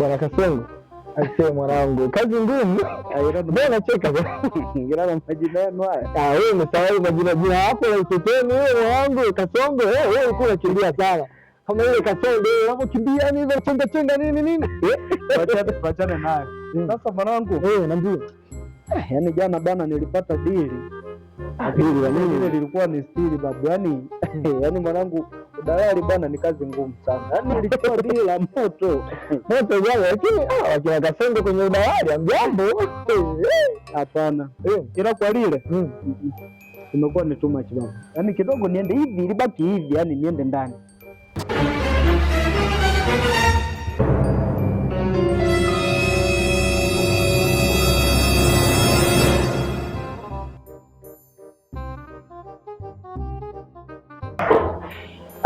Bwana Kasengo asee, mwanangu, kazi ngumu. Mbona unacheka majina yenu haya? Ah, wewe umesahau majina jina hapo utotoni, wewe mwanangu. Kasongo eh, wewe ulikuwa unakimbia sana kama ile Kasongo eh, unapokimbia, yani ile chenga chenga nini nini. Wachane nayo hmm. sasa, mwanangu. Eh, naambia eh, yaani jana bana, nilipata dili. Ah, dili lilikuwa ni stili babu, yani hmm. yani mwanangu dalali bwana ni kazi ngumu sana, yani ilikuwa dili la moto moto jana, lakini ah, wakina Kasongo kwenye udalali amjambo. Hapana, eh, ila kwa lile mm. imekuwa ni too much bwana, yaani kidogo niende hivi ilibaki hivi, yaani niende ndani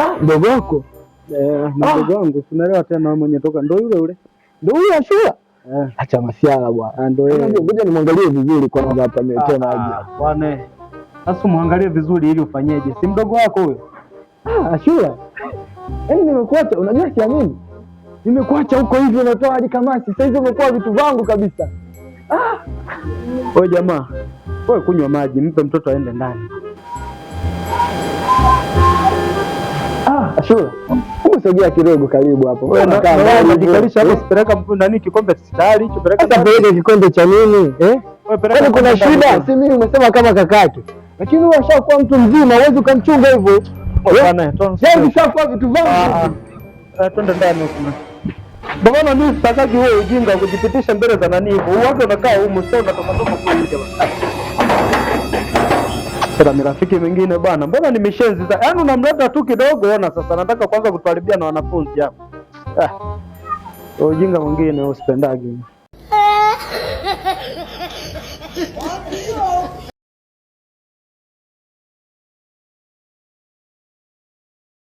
Ah, mdogo wako eh, mdogo ah. wangu, unaelewa tena mwenye toka, ndo yule yule, ndio huyo Ashura. Eh. Acha masiala bwana, ah, ndio yeye. Ngoja nimwangalie vizuri kwanza hapa tena aje bwana. Sasa muangalie vizuri ili ufanyeje, si mdogo wako huyo Ashura? Yaani nimekuacha, unajua siamini nimekuacha huko hivi, unatoa hadi kamasi. Sasa hizo umekuwa vitu vangu kabisa. Ah, wewe jamaa wewe, kunywa maji, mpe mtoto aende ndani. Ashura, ah, sogea kidogo karibu hapo. Eh? Peleke kikombe cha nini? Eh? Kwani kuna shida? Si mimi umesema kama kakake, lakini wewe ushakuwa mtu mzima, huwezi ukamchunga hivyo. Eh? Ushakuwa vitu vangu Bwana mimi sitaki wewe ujinga kujipitisha mbele za nani hivyo. Watu wanakaa huko sio unatoka toka kwa nje tena mirafiki mingine bana, mbona nimeshaziza? Yaani unamleta tu kidogo, ona sasa nataka kwanza kutuharibia na wanafunzi hapo. Ah. Ujinga mwingine usipendagi.